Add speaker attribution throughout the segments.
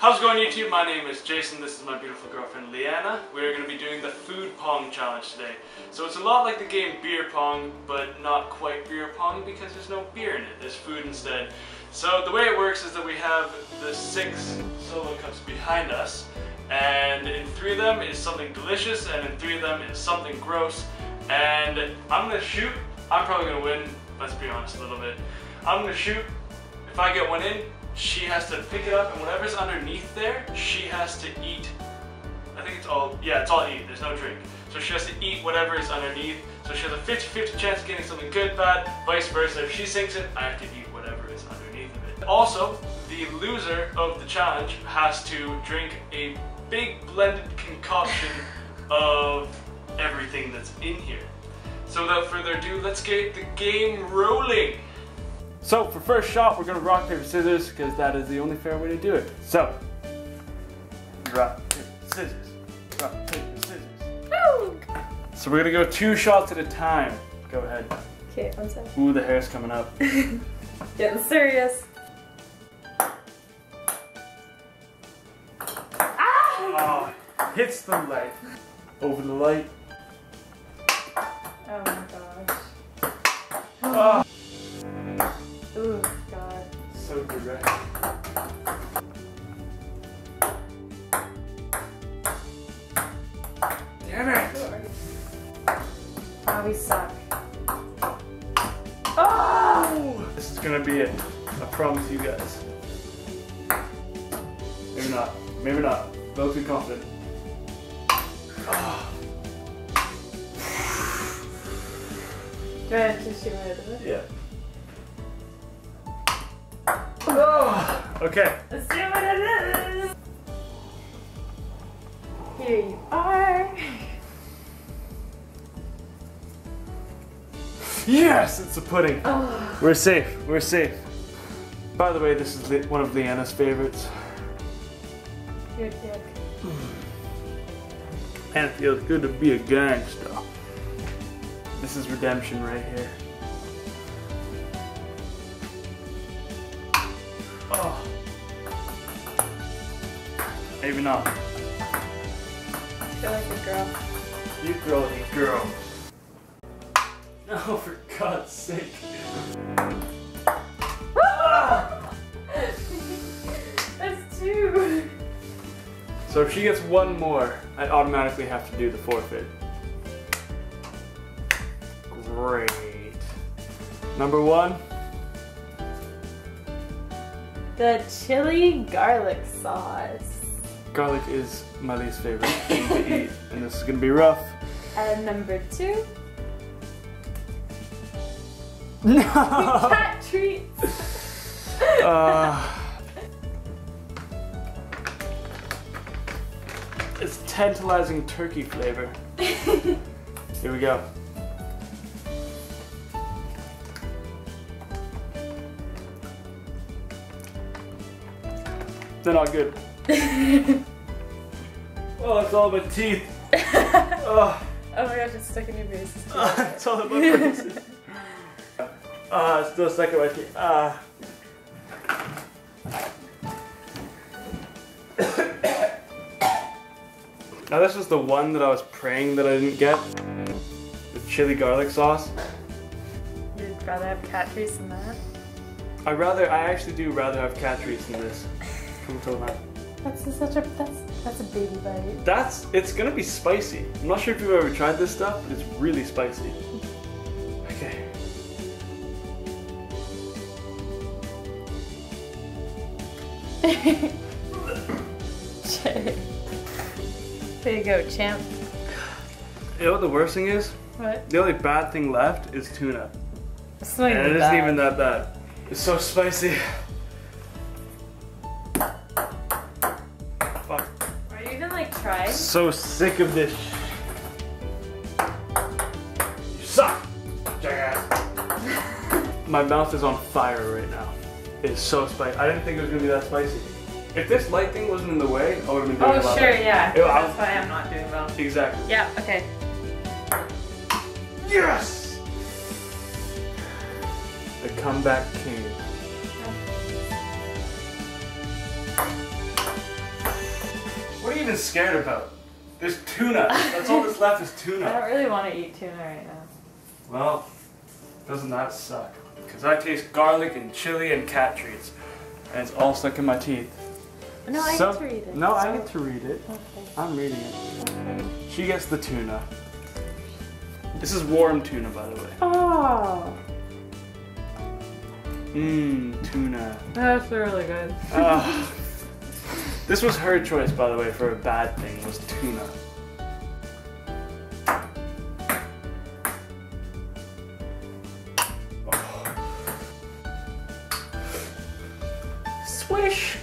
Speaker 1: How's it going YouTube? My name is Jason, this is my beautiful girlfriend Leanna. We're going to be doing the food pong challenge today. So it's a lot like the game beer pong, but not quite beer pong because there's no beer in it, there's food instead. So the way it works is that we have the six solo cups behind us, and in three of them is something delicious, and in three of them is something gross, and I'm going to shoot, I'm probably going to win, let's be honest a little bit. I'm going to shoot, if I get one in, she has to pick it up and whatever's underneath there, she has to eat. I think it's all, yeah, it's all eat, there's no drink. So she has to eat whatever is underneath. So she has a 50-50 chance of getting something good, bad, vice versa. If she sinks it, I have to eat whatever is underneath of it. Also, the loser of the challenge has to drink a big blended concoction of everything that's in here. So without further ado, let's get the game rolling. So for first shot, we're gonna rock, paper, scissors, because that is the only fair way to do it. So, rock, paper, scissors, rock, paper, scissors. Woo! So we're gonna go two shots at a time. Go ahead. Okay, one second. Ooh, the hair's coming up. Getting serious. Ah! Oh, hits the light. Over the light. It's gonna be it. I promise you guys. Maybe not. Maybe not. Both be confident. Do I have Yeah. Oh, okay. Let's see what it is. Here you are. Yes, it's a pudding. Oh. We're safe, we're safe. By the way, this is one of Leanna's favorites. Your dick. And it feels good to be a gangster. This is redemption right here. Oh. Maybe not. I feel like a girl. You you girl. Oh, for God's sake. That's two. So if she gets one more, I automatically have to do the forfeit. Great. Number one. The chili garlic sauce. Garlic is my least favorite thing to eat, and this is gonna be rough. And number two. No. cat treats. uh, it's tantalizing turkey flavor. Here we go. They're not good. oh, it's all my teeth. oh. oh my gosh, it's stuck in your face. It's, all in my braces. Ah, uh, it's still stuck in my teeth. Ah. Now this was the one that I was praying that I didn't get. The chili garlic sauce. You'd rather have cat treats than that? I rather, I actually do rather have cat treats than this. Come to life. That's such a, that's, that's a baby bite. That's, it's gonna be spicy. I'm not sure if you've ever tried this stuff, but it's really spicy. there you go, champ. You know what the worst thing is? What? The only bad thing left is tuna. It's not and it bad. isn't even that bad. It's so spicy. Fuck. Are you even like trying? So sick of this. You suck, jackass. My mouth is on fire right now is so spicy. I didn't think it was gonna be that spicy. If this light thing wasn't in the way, I would have been doing oh, Oh sure, better. yeah. It, That's why I'm not doing well. Exactly. Yeah. Okay. Yes. The comeback king. What are you even scared about? There's tuna. That's all that's left is tuna. I don't really want to eat tuna right now. Well, doesn't that suck? because I taste garlic and chili and cat treats. And it's all stuck in my teeth. No, I get to read it. No, I get to read it. Okay. I'm reading it. She gets the tuna. This is warm tuna, by the way. Oh. Mmm, tuna. That's really good. uh, this was her choice, by the way, for a bad thing, was tuna.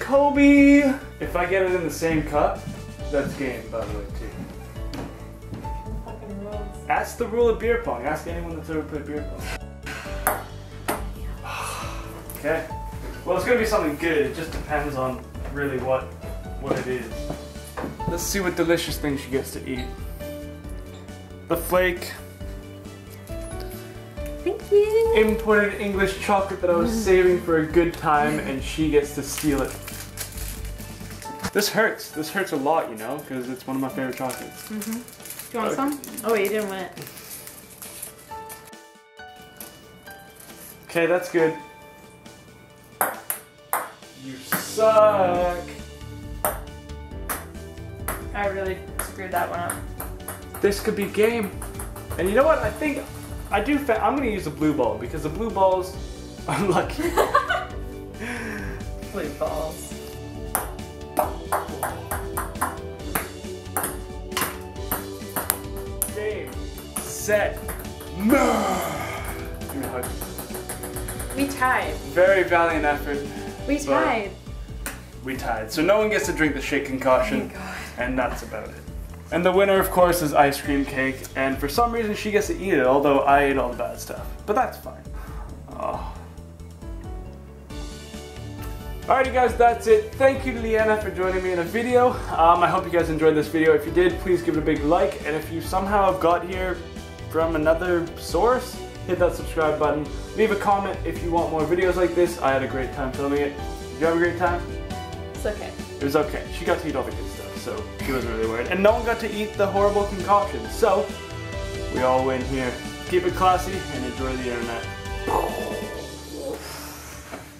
Speaker 1: Kobe. If I get it in the same cup, that's game, by the way, too. That's the rule of beer pong. Ask anyone that's ever played beer pong. okay. Well, it's gonna be something good. It just depends on really what what it is. Let's see what delicious thing she gets to eat. The flake. Thank you. Imported English chocolate that I was mm. saving for a good time, and she gets to steal it this hurts. This hurts a lot, you know, because it's one of my favorite chocolates. Mm-hmm. Do you want some? Oh, wait, you didn't want it. Okay, that's good. You suck. I really screwed that one up. This could be game. And you know what? I think I do. I'm gonna use the blue ball because the blue balls are lucky. blue balls. Game, set, no. Give me a hug. We tied. Very valiant effort. We tied. We tied. So no one gets to drink the shake concoction. Oh and that's about it. And the winner, of course, is ice cream cake. And for some reason, she gets to eat it, although I ate all the bad stuff. But that's fine. Oh. Alrighty guys, that's it. Thank you to Leanna for joining me in a video. Um, I hope you guys enjoyed this video. If you did, please give it a big like. And if you somehow have got here from another source, hit that subscribe button. Leave a comment if you want more videos like this. I had a great time filming it. Did you have a great time? It's okay. It was okay. She got to eat all the good stuff, so she wasn't really worried. And no one got to eat the horrible concoction, so we all win here. Keep it classy and enjoy the internet.